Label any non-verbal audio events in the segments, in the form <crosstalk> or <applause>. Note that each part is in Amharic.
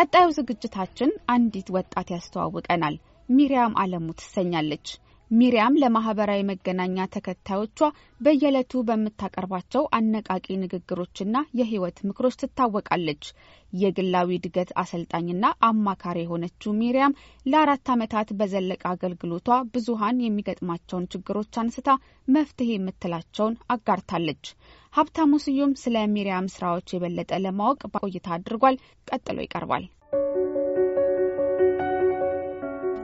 ቀጣዩ ዝግጅታችን አንዲት ወጣት ያስተዋውቀናል። ሚሪያም አለሙ ትሰኛለች። ሚሪያም ለማህበራዊ መገናኛ ተከታዮቿ በየዕለቱ በምታቀርባቸው አነቃቂ ንግግሮችና የህይወት ምክሮች ትታወቃለች። የግላዊ እድገት አሰልጣኝና አማካሪ የሆነችው ሚሪያም ለአራት ዓመታት በዘለቀ አገልግሎቷ ብዙሀን የሚገጥማቸውን ችግሮች አንስታ መፍትሄ የምትላቸውን አጋርታለች። ሀብታሙ ስዩም ስለ ሚሪያም ስራዎች የበለጠ ለማወቅ ቆይታ አድርጓል። ቀጥሎ ይቀርባል።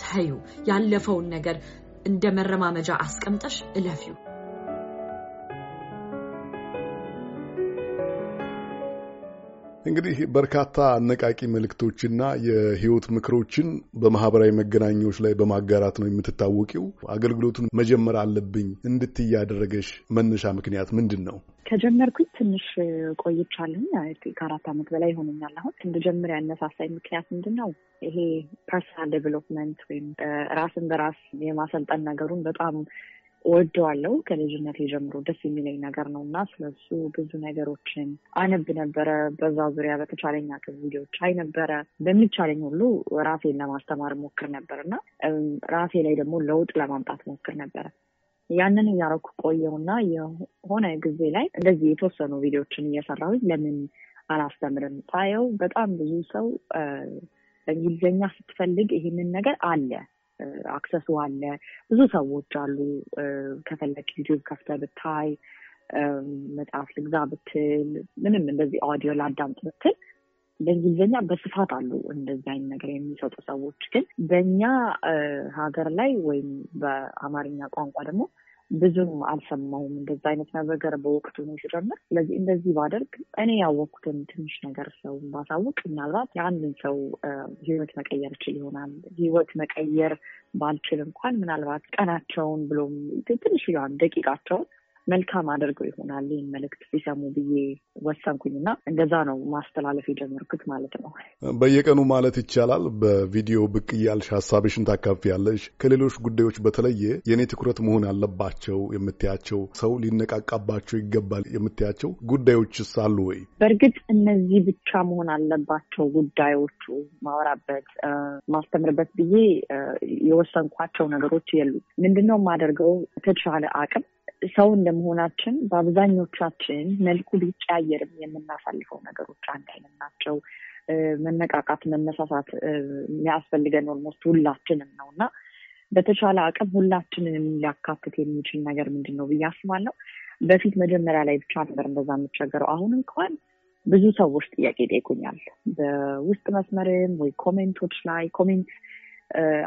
ተዩ። ያለፈውን ነገር እንደ መረማመጃ አስቀምጠሽ እለፊው። እንግዲህ በርካታ አነቃቂ መልእክቶችና የህይወት ምክሮችን በማህበራዊ መገናኛዎች ላይ በማጋራት ነው የምትታወቂው። አገልግሎቱን መጀመር አለብኝ እንድት ያደረገሽ መነሻ ምክንያት ምንድን ነው? ከጀመርኩኝ ትንሽ ቆይቻለሁ። ከአራት ዓመት በላይ ይሆነኛል። አሁን እንድጀምር ያነሳሳኝ ምክንያት ምንድን ነው? ይሄ ፐርሰናል ዴቨሎፕመንት ወይም ራስን በራስ የማሰልጠን ነገሩን በጣም ወደዋለው ከልጅነት ጀምሮ ደስ የሚለኝ ነገር ነው እና ስለሱ ብዙ ነገሮችን አነብ ነበረ። በዛ ዙሪያ በተቻለኝ አቅም ቪዲዮች አይ ነበረ። በሚቻለኝ ሁሉ ራሴን ለማስተማር ሞክር ነበር እና ራሴ ላይ ደግሞ ለውጥ ለማምጣት ሞክር ነበረ። ያንን እያረኩ ቆየውና የሆነ ጊዜ ላይ እንደዚህ የተወሰኑ ቪዲዮችን እየሰራሁኝ ለምን አላስተምርም ሳየው በጣም ብዙ ሰው በእንግሊዝኛ ስትፈልግ ይህንን ነገር አለ አክሰሱ አለ። ብዙ ሰዎች አሉ። ከፈለግ ዩቲዩብ ከፍተ ብታይ፣ መጽሐፍ ልግዛ ብትል፣ ምንም እንደዚህ ኦዲዮ ላዳምጥ ብትል በእንግሊዝኛ በስፋት አሉ እንደዚህ አይነት ነገር የሚሰጡ ሰዎች። ግን በእኛ ሀገር ላይ ወይም በአማርኛ ቋንቋ ደግሞ ብዙም አልሰማውም እንደዚ አይነት ነገር በወቅቱ ነው ሲጀምር። ስለዚህ እንደዚህ ባደርግ እኔ ያወቅኩትን ትንሽ ነገር ሰው ባሳውቅ ምናልባት የአንድን ሰው ህይወት መቀየር ችል ይሆናል። ህይወት መቀየር ባልችል እንኳን ምናልባት ቀናቸውን ብሎም ትንሽ ያን ደቂቃቸውን መልካም አድርገው ይሆናል ይህን መልእክት ሲሰሙ ብዬ እና እንደዛ ነው ማስተላለፍ የጀመርኩት ማለት ነው። በየቀኑ ማለት ይቻላል በቪዲዮ ብቅ እያልሽ ሀሳብሽን ታካፊያለሽ። ከሌሎች ጉዳዮች በተለየ የእኔ ትኩረት መሆን አለባቸው የምትያቸው፣ ሰው ሊነቃቃባቸው ይገባል የምትያቸው ጉዳዮችስ አሉ ወይ? በእርግጥ እነዚህ ብቻ መሆን አለባቸው ጉዳዮቹ ማወራበት ማስተምርበት ብዬ የወሰንኳቸው ነገሮች የሉ። ምንድነው የማደርገው? ተቻለ አቅም ሰው እንደመሆናችን በአብዛኞቻችን መልኩ ሊቀያየርም የምናሳልፈው ነገሮች አንድ አይነት ናቸው። መነቃቃት፣ መነሳሳት የሚያስፈልገን ኦልሞስት ሁላችንም ነው እና በተቻለ አቅም ሁላችንንም ሊያካትት የሚችል ነገር ምንድን ነው ብዬ አስባለሁ። በፊት መጀመሪያ ላይ ብቻ ነበር እንደዛ የምቸገረው። አሁን እንኳን ብዙ ሰዎች ጥያቄ ጠይቁኛል፣ በውስጥ መስመርም ወይ ኮሜንቶች ላይ ኮሜንት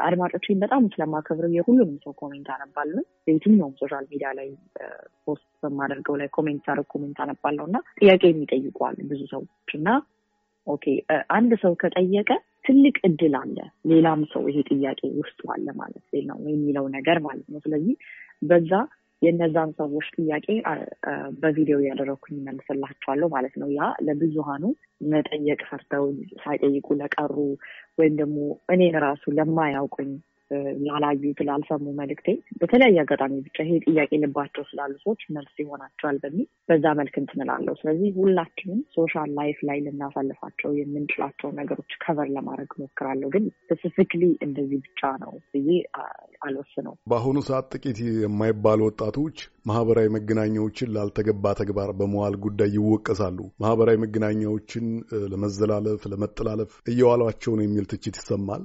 አድማጮችን በጣም ስለማከብረው የሁሉንም ሰው ኮሜንት አነባለሁ። የትኛውም ሶሻል ሚዲያ ላይ ፖስት በማደርገው ላይ ኮሜንት ሳደርግ ኮሜንት አነባለሁ እና ጥያቄ የሚጠይቋል ብዙ ሰዎች እና ኦኬ አንድ ሰው ከጠየቀ ትልቅ እድል አለ ሌላም ሰው ይሄ ጥያቄ ውስጡ አለ ማለት ነው የሚለው ነገር ማለት ነው። ስለዚህ በዛ የእነዛን ሰዎች ጥያቄ በቪዲዮ ያደረግኩኝ መልስላቸዋለሁ ማለት ነው። ያ ለብዙሃኑ መጠየቅ ፈርተው ሳይጠይቁ ለቀሩ ወይም ደግሞ እኔን ራሱ ለማያውቁኝ ላላዩ ላልሰሙ መልእክቴ በተለያየ አጋጣሚ ብቻ ይሄ ጥያቄ ልባቸው ስላሉ ሰዎች መልስ ይሆናቸዋል በሚል በዛ መልክ እንትንላለው። ስለዚህ ሁላችንም ሶሻል ላይፍ ላይ ልናሳልፋቸው የምንችላቸው ነገሮች ከቨር ለማድረግ ሞክራለሁ፣ ግን ስፔሲፊክሊ እንደዚህ ብቻ ነው ብዬ አልወስነው። በአሁኑ ሰዓት ጥቂት የማይባሉ ወጣቶች ማህበራዊ መገናኛዎችን ላልተገባ ተግባር በመዋል ጉዳይ ይወቀሳሉ። ማህበራዊ መገናኛዎችን ለመዘላለፍ፣ ለመጠላለፍ እየዋሏቸው ነው የሚል ትችት ይሰማል።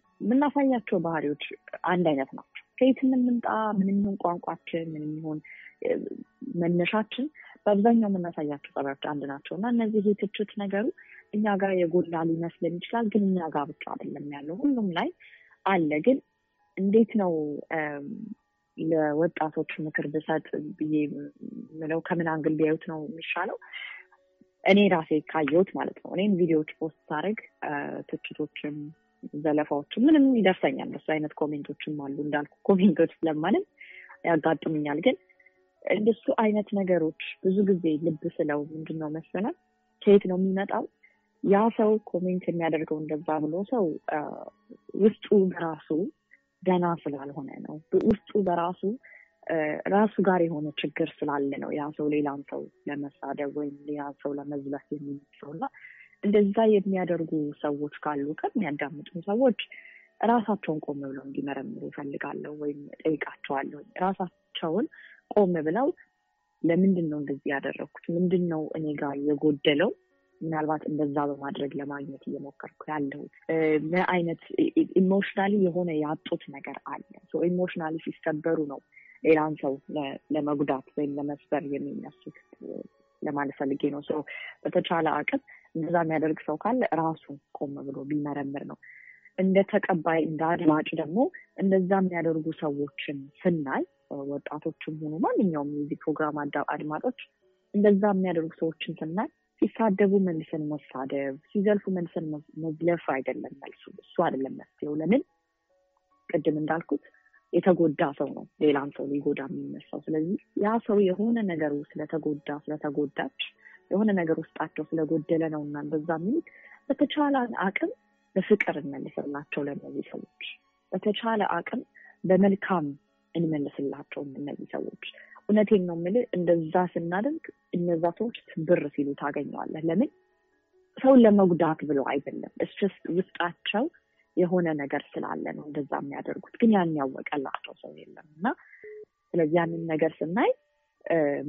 የምናሳያቸው ባህሪዎች አንድ አይነት ናቸው። ከየት እንምጣ፣ ምን የሚሆን ቋንቋችን፣ ምን የሚሆን መነሻችን በአብዛኛው የምናሳያቸው ጠባዮች አንድ ናቸው እና እነዚህ የትችት ነገሩ እኛ ጋር የጎላ ሊመስልን ይችላል፣ ግን እኛ ጋር ብቻ አይደለም ያለው፣ ሁሉም ላይ አለ። ግን እንዴት ነው ለወጣቶች ምክር ብሰጥ ብዬ ምለው ከምን አንግል ቢያዩት ነው የሚሻለው? እኔ ራሴ ካየሁት ማለት ነው። እኔም ቪዲዮዎች ፖስት ሳደርግ ትችቶችም ዘለፋዎቹ ምንም ይደርሰኛል። እሱ አይነት ኮሜንቶችም አሉ እንዳልኩ ኮሜንቶች ስለማንም ያጋጥሙኛል። ግን እንደሱ አይነት ነገሮች ብዙ ጊዜ ልብ ስለው ምንድን ነው መሰለህ ከየት ነው የሚመጣው? ያ ሰው ኮሜንት የሚያደርገው እንደዛ ብሎ ሰው ውስጡ በራሱ ደህና ስላልሆነ ነው። ውስጡ በራሱ ራሱ ጋር የሆነ ችግር ስላለ ነው ያ ሰው ሌላን ሰው ለመሳደብ ወይም ሌላን ሰው ለመዝለፍ የሚመስለው እና እንደዛ የሚያደርጉ ሰዎች ካሉ ቀን ሰዎች ራሳቸውን ቆም ብለው እንዲመረምሩ እፈልጋለሁ ወይም ጠይቃቸዋለሁ። ራሳቸውን ቆም ብለው ለምንድን ነው እንደዚህ ያደረግኩት? ምንድን ነው እኔ ጋር የጎደለው? ምናልባት እንደዛ በማድረግ ለማግኘት እየሞከርኩ ያለሁት ምን አይነት ኢሞሽናሊ የሆነ ያጡት ነገር አለ? ኢሞሽናሊ ሲሰበሩ ነው ሌላን ሰው ለመጉዳት ወይም ለመስበር የሚነሱት ለማለት ፈልጌ ነው። በተቻለ አቅም እንደዛ የሚያደርግ ሰው ካለ ራሱ ቆም ብሎ ቢመረምር ነው። እንደ ተቀባይ እንደ አድማጭ ደግሞ እንደዛ የሚያደርጉ ሰዎችን ስናይ ወጣቶችም ሆኑ ማንኛውም የዚህ ፕሮግራም አድማጮች እንደዛ የሚያደርጉ ሰዎችን ስናይ ሲሳደቡ መልስን መሳደብ፣ ሲዘልፉ መልስን መዝለፍ አይደለም መልሱ። እሱ አይደለም መፍትሄው። ለምን ቅድም እንዳልኩት የተጎዳ ሰው ነው ሌላም ሰው ሊጎዳ የሚነሳው። ስለዚህ ያ ሰው የሆነ ነገሩ ስለተጎዳ ስለተጎዳች የሆነ ነገር ውስጣቸው ስለጎደለ ነው እና በዛ የሚል በተቻለ አቅም በፍቅር እንመልስላቸው። ለእነዚህ ሰዎች በተቻለ አቅም በመልካም እንመልስላቸው። እነዚህ ሰዎች እውነቴን ነው የምልህ፣ እንደዛ ስናደርግ እነዛ ሰዎች ትብር ሲሉ ታገኘዋለህ። ለምን ሰውን ለመጉዳት ብሎ አይደለም፣ እስስ ውስጣቸው የሆነ ነገር ስላለ ነው እንደዛ የሚያደርጉት። ግን ያን ያወቀላቸው ሰው የለም እና ስለዚህ ያንን ነገር ስናይ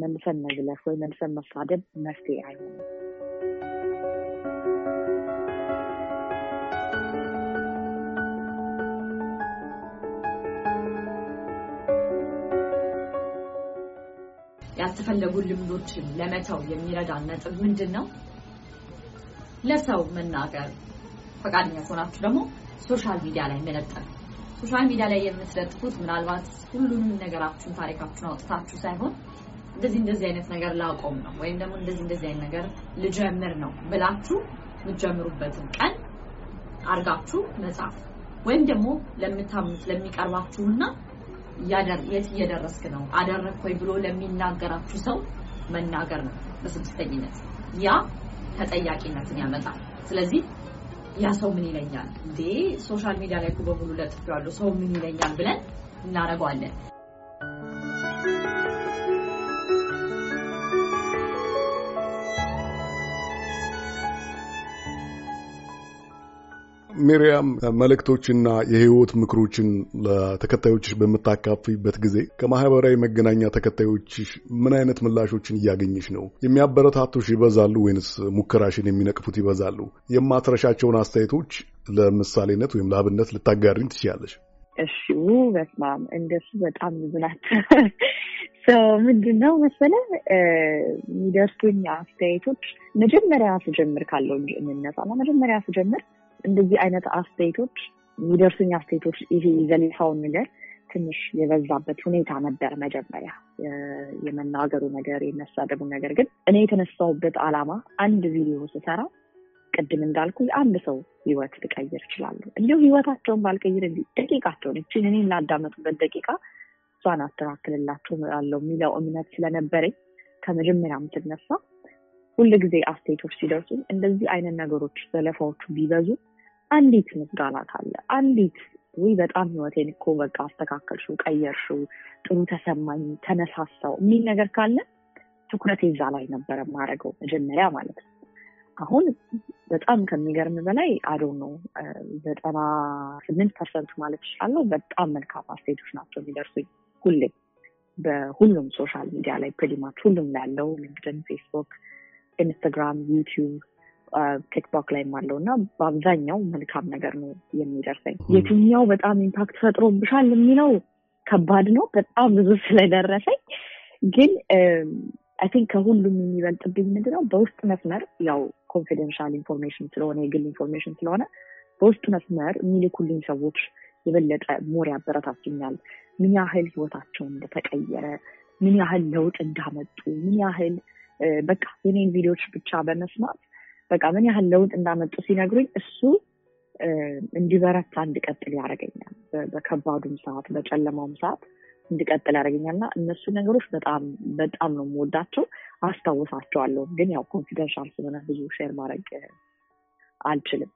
መልሰን መዝለፍ ወይ መልሰን መሳደብ መፍትሄ አይሆንም። ያልተፈለጉ ልምዶችን ለመተው የሚረዳን ነጥብ ምንድን ነው? ለሰው መናገር ፈቃደኛ ከሆናችሁ ደግሞ ሶሻል ሚዲያ ላይ መለጠፍ። ሶሻል ሚዲያ ላይ የምትለጥፉት ምናልባት ሁሉንም ነገራችሁን ታሪካችሁን አውጥታችሁ ሳይሆን እንደዚህ እንደዚህ አይነት ነገር ላቆም ነው ወይም ደግሞ እንደዚህ እንደዚህ አይነት ነገር ልጀምር ነው ብላችሁ የምትጀምሩበትን ቀን አርጋችሁ መጻፍ ወይም ደግሞ ለምታምኑት ለሚቀርባችሁና የት እየደረስክ ነው አደረክ ወይ ብሎ ለሚናገራችሁ ሰው መናገር ነው። በስድስተኝነት ያ ተጠያቂነትን ያመጣል። ስለዚህ ያ ሰው ምን ይለኛል እንዴ ሶሻል ሚዲያ ላይ በሙሉ ያለው ሰው ምን ይለኛል ብለን እናደርገዋለን። ሚሪያም መልእክቶችና የህይወት ምክሮችን ለተከታዮችሽ በምታካፍይበት ጊዜ ከማህበራዊ መገናኛ ተከታዮችሽ ምን አይነት ምላሾችን እያገኘሽ ነው? የሚያበረታቱሽ ይበዛሉ ወይንስ ሙከራሽን የሚነቅፉት ይበዛሉ? የማትረሻቸውን አስተያየቶች ለምሳሌነት ወይም ለአብነት ልታጋሪኝ ትችላለች እሺ፣ በስማም እንደሱ በጣም ብዙ ናቸው። <laughs> ምንድን ነው መሰለ የሚደርሱኝ አስተያየቶች መጀመሪያ ስጀምር ካለው እንጂ የምነሳ መጀመሪያ ስጀምር እንደዚህ አይነት አስተያየቶች የሚደርሱኝ አስተያየቶች ይሄ ዘለፋውን ነገር ትንሽ የበዛበት ሁኔታ ነበር። መጀመሪያ የመናገሩ ነገር የመሳደቡ ነገር ግን እኔ የተነሳሁበት አላማ አንድ ቪዲዮ ስሰራ ቅድም እንዳልኩ የአንድ ሰው ህይወት ልቀይር ይችላሉ እንዲሁ ህይወታቸውን ባልቀይር እንዲ ደቂቃቸውን እችን እኔ እናዳመጡበት ደቂቃ እሷን አስተካክልላቸው እላለሁ የሚለው እምነት ስለነበረኝ ከመጀመሪያም ስነሳ ጊዜ አስተያየቶች ሲደርሱ እንደዚህ አይነት ነገሮች ዘለፋዎቹ ቢበዙ አንዲት ምስጋና ካለ አንዲት ወይ በጣም ህይወቴን እኮ በቃ አስተካከልሽው፣ ቀየርሽው፣ ጥሩ ተሰማኝ፣ ተነሳሳው የሚል ነገር ካለ ትኩረት ዛ ላይ ነበረ ማድረገው መጀመሪያ ማለት ነው። አሁን በጣም ከሚገርም በላይ አዶ ነው ዘጠና ስምንት ፐርሰንት ማለት ይችላለው በጣም መልካም አስቴቶች ናቸው የሚደርሱኝ ሁሌ በሁሉም ሶሻል ሚዲያ ላይ ፕሪማች ሁሉም ላለው ሊንክድን፣ ፌስቡክ፣ ኢንስታግራም፣ ዩቲዩብ ቲክቶክ ላይም አለው እና በአብዛኛው መልካም ነገር ነው የሚደርሰኝ። hmm. የትኛው በጣም ኢምፓክት ፈጥሮ ብሻል የሚለው ከባድ ነው። በጣም ብዙ ስለደረሰኝ ግን አይንክ um, ከሁሉም የሚበልጥብኝ ምንድነው በውስጥ መስመር ያው ኮንፊደንሻል ኢንፎርሜሽን ስለሆነ የግል ኢንፎርሜሽን ስለሆነ በውስጥ መስመር የሚልኩልኝ ሰዎች የበለጠ ሞር ያበረታችኛል ምን ያህል ህይወታቸው እንደተቀየረ፣ ምን ያህል ለውጥ እንዳመጡ፣ ምን ያህል uh, በቃ የኔን ቪዲዮዎች ብቻ በመስማት በቃ ምን ያህል ለውጥ እንዳመጡ ሲነግሩኝ እሱ እንዲበረታ እንድቀጥል ያደርገኛል። በከባዱም ሰዓት በጨለማውም ሰዓት እንድቀጥል ያደርገኛል እና እነሱ ነገሮች በጣም በጣም ነው የምወዳቸው፣ አስታውሳቸዋለሁ። ግን ያው ኮንፊደንሻል ስለሆነ ብዙ ሼር ማድረግ አልችልም።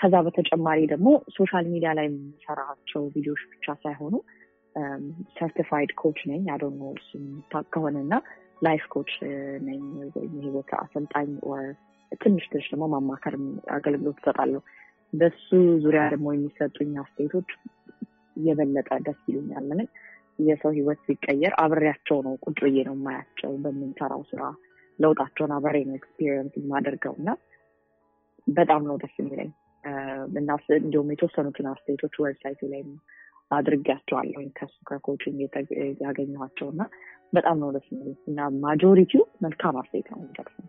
ከዛ በተጨማሪ ደግሞ ሶሻል ሚዲያ ላይ የምሰራቸው ቪዲዮዎች ብቻ ሳይሆኑ ሰርቲፋይድ ኮች ነኝ ያደኖ ከሆነ እና ላይፍ ኮች ነኝ ወይም የህይወት አሰልጣኝ ትንሽ ትንሽ ደግሞ ማማከር አገልግሎት እሰጣለሁ። በሱ ዙሪያ ደግሞ የሚሰጡኝ አስተያየቶች የበለጠ ደስ ይሉኛል። ምንም የሰው ህይወት ሲቀየር አብሬያቸው ነው ቁጭ ብዬ ነው የማያቸው በምንሰራው ስራ ለውጣቸውን አብሬ ነው ኤክስፒሪየንስ የማደርገው እና በጣም ነው ደስ የሚለኝ እና እንዲሁም የተወሰኑትን አስተያየቶች ዌብሳይቱ ላይ አድርጊያቸዋለሁ ከሱ ከኮችን ያገኘኋቸው እና በጣም ነው ደስ የሚለኝ እና ማጆሪቲው መልካም አስተያየት ነው የሚደርሰኝ።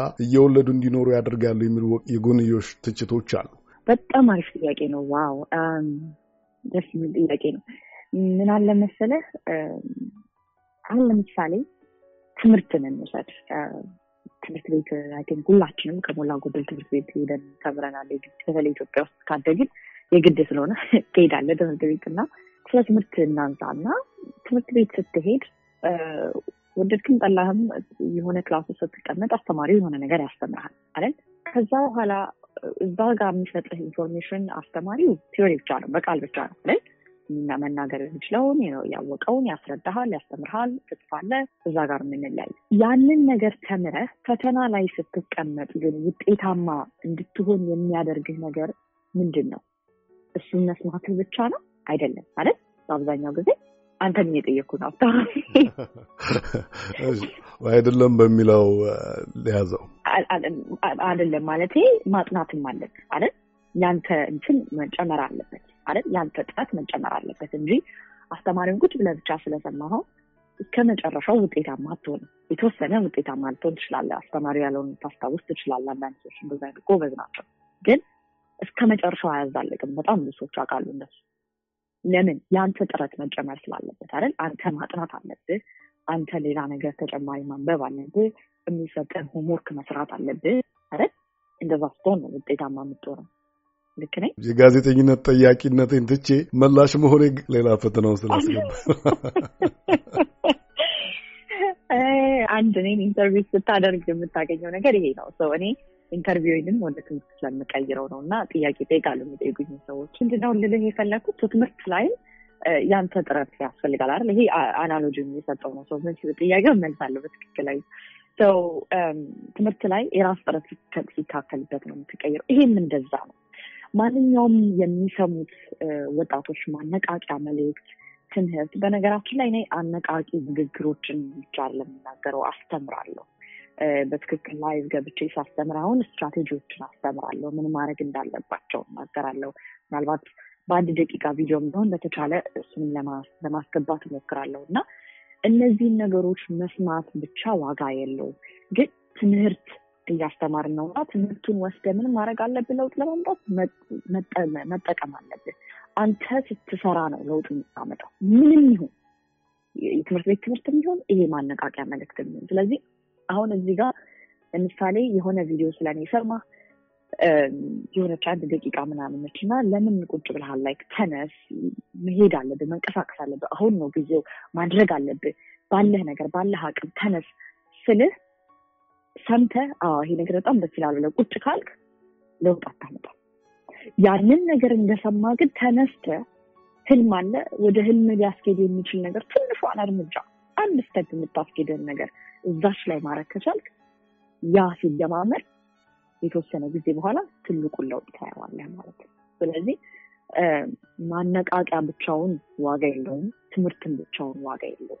ብቻ እየወለዱ እንዲኖሩ ያደርጋሉ የሚሉ የጎንዮሽ ትችቶች አሉ። በጣም አሪፍ ጥያቄ ነው። ዋው ደስ የሚል ጥያቄ ነው። ምን አለ መሰለህ፣ አሁን ለምሳሌ ትምህርትን እንውሰድ። ትምህርት ቤት አይን ሁላችንም ከሞላ ጎደል ትምህርት ቤት ሄደን ተምረናል። በተለይ ኢትዮጵያ ውስጥ ካደግን የግድ ስለሆነ <laughs> ትሄዳለህ ትምህርት ቤት እና ስለ ትምህርት እናንሳ እና ትምህርት ቤት ስትሄድ ወደድክም ጠላህም የሆነ ክላስ ስትቀመጥ አስተማሪው የሆነ ነገር ያስተምርሃል አይደል? ከዛ በኋላ እዛ ጋር የሚሰጥህ ኢንፎርሜሽን አስተማሪው ቲዮሪ ብቻ ነው፣ በቃል ብቻ ነው አይደል? መናገር የሚችለውን ያወቀውን ያስረዳሃል፣ ያስተምርሃል፣ ትጽፋለህ። እዛ ጋር የምንለያይ ያንን ነገር ተምረህ ፈተና ላይ ስትቀመጥ ግን ውጤታማ እንድትሆን የሚያደርግህ ነገር ምንድን ነው? እሱን መስማትህ ብቻ ነው አይደለም ማለት በአብዛኛው ጊዜ አንተን እየጠየኩህ ነው። <laughs> አይደለም በሚለው ሊያዘው አይደለም ማለት ማጥናትም አለብህ አይደል? ያንተ እንትን መጨመር አለበት አይደል? ያንተ ጥረት መጨመር አለበት እንጂ አስተማሪን ቁጭ ብለህ ብቻ ስለሰማኸው እስከ መጨረሻው ውጤታማ አትሆንም። የተወሰነ ውጤታማ ልትሆን ትችላለ አስተማሪ ያለውን ታስታውስ ትችላለ አንዳንድ ሰዎች እንደዛ ጎበዝ ናቸው፣ ግን እስከ መጨረሻው አያዛልቅም። በጣም ብዙ ሰዎች አውቃለሁ እንደሱ ለምን የአንተ ጥረት መጨመር ስላለበት አይደል? አንተ ማጥናት አለብህ። አንተ ሌላ ነገር ተጨማሪ ማንበብ አለብህ። የሚሰጠን ሆምወርክ መስራት አለብህ አይደል? እንደዛ ስትሆን ነው ውጤታማ የምትሆነው። ልክ ነኝ። የጋዜጠኝነት ጠያቂነቴን ትቼ መላሽ መሆኔ ሌላ ፈተናው ስላስገባ <laughs> አንድ እኔን ኢንተርቪው ስታደርግ የምታገኘው ነገር ይሄ ነው። ሰው እኔ ኢንተርቪውንም ወደ ትምህርት ስለምቀይረው ነው እና ጥያቄ እጠይቃለሁ የሚጠይቁኝ ሰዎች። ምንድነው ልልህ የፈለግኩት ትምህርት ላይ ያንተ ጥረት ያስፈልጋል አይደል? ይሄ አናሎጂ የሚሰጠው ነው ሰው ጥያቄ መልሳለሁ በትክክል ሰው ትምህርት ላይ የራስ ጥረት ሲታከልበት ነው የምትቀይረው። ይሄም እንደዛ ነው። ማንኛውም የሚሰሙት ወጣቶች ማነቃቂያ መልእክት ትምህርት። በነገራችን ላይ እኔ አነቃቂ ንግግሮችን ብቻ ለምናገረው አስተምራለሁ። በትክክል ላይ ገብቼ ሳስተምር አሁን ስትራቴጂዎችን አስተምራለሁ። ምን ማድረግ እንዳለባቸው እናገራለሁ። ምናልባት በአንድ ደቂቃ ቪዲዮም ቢሆን በተቻለ እሱን ለማስገባት እሞክራለሁ እና እነዚህን ነገሮች መስማት ብቻ ዋጋ የለውም፣ ግን ትምህርት እያስተማርን ነው እና ትምህርቱን ወስደ ምን ማድረግ አለብን? ለውጥ ለማምጣት መጠቀም አለብን። አንተ ስትሰራ ነው ለውጥ የምታመጣው። ምንም ይሁን የትምህርት ቤት ትምህርት የሚሆን ይሄ ማነቃቂያ መልእክት የሚሆን ስለዚህ አሁን እዚህ ጋር ለምሳሌ የሆነ ቪዲዮ ስለኔ ሰማ የሆነች አንድ ደቂቃ ምናምን ና ለምን ቁጭ ብልሃል ላይክ ተነስ፣ መሄድ አለብህ፣ መንቀሳቀስ አለብህ። አሁን ነው ጊዜው፣ ማድረግ አለብህ፣ ባለህ ነገር ባለህ አቅም ተነስ ስልህ ሰምተ ይሄ ነገር በጣም ደስ ይላል ብለህ ቁጭ ካልክ ለውጥ አታመጣ ያንን ነገር እንደሰማ ግን ተነስተ ህልም አለ፣ ወደ ህልም ሊያስኬድ የሚችል ነገር ትንሿን እርምጃ አንድ ስተት የምታስኬድህን ነገር እዛች ላይ ማድረግ ከቻልክ ያ ሲደማመር የተወሰነ ጊዜ በኋላ ትልቁን ለውጥ ታየዋለህ ማለት ነው። ስለዚህ ማነቃቂያ ብቻውን ዋጋ የለውም፣ ትምህርትን ብቻውን ዋጋ የለውም።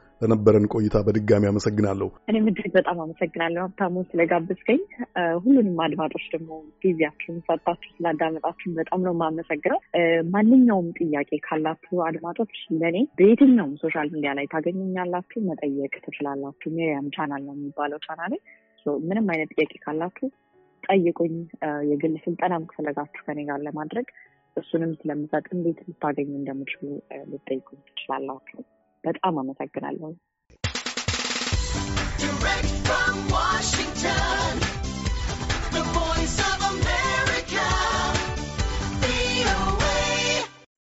ለነበረን ቆይታ በድጋሚ አመሰግናለሁ። እኔም እጅግ በጣም አመሰግናለሁ ሀብታሙ ስለጋበዝከኝ። ሁሉንም አድማጮች ደግሞ ጊዜያችሁን ሰጣችሁ ስላዳመጣችሁን በጣም ነው የማመሰግነው። ማንኛውም ጥያቄ ካላችሁ አድማጮች ለእኔ በየትኛውም ሶሻል ሚዲያ ላይ ታገኙኛላችሁ፣ መጠየቅ ትችላላችሁ። ሜሪያም ቻናል ነው የሚባለው ቻናል ምንም አይነት ጥያቄ ካላችሁ ጠይቁኝ። የግል ስልጠናም ከፈለጋችሁ ከኔ ጋር ለማድረግ እሱንም ስለምሰጥ እንዴት ልታገኙ እንደምችሉ ልጠይቁኝ ትችላላችሁ። በጣም አመሰግናለሁ።